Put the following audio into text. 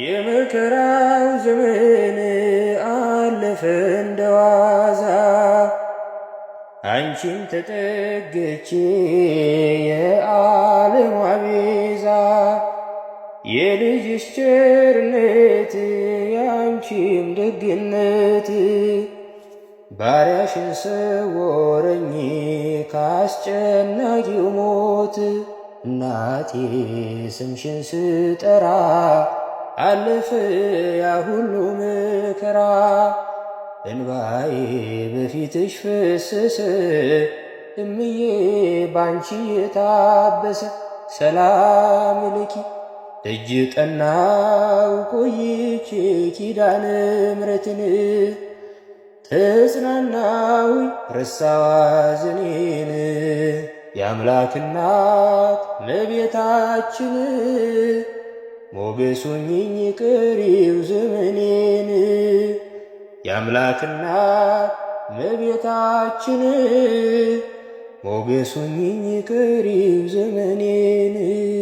የመከራው ዘመን አለፈ እንደዋዛ አንቺን ተጠግቼ የዓለም አቤዛ የልጅሽ ቸርነት የአንቺም ደግነት ባሪያሽን ሰወረኝ ካስጨናቂው ሞት እናቴ ስምሽን ስጠራ አልፍ ያ ሁሉ መከራ እንባዬ በፊትሽ ፈሰሰ እምዬ ባንቺ የታበሰ ሰላም ልኪ እጅ ጠናው ቆይቼ ኪዳነ ምሕረትን ተጽናናዊ ረሳዋ የአምላክ እናት መቤታችን ሞገሶኝኝ ቅሪው ዘመኔን የአምላክና መቤታችን ሞገሱኝኝ ቅሪው ዘመኔን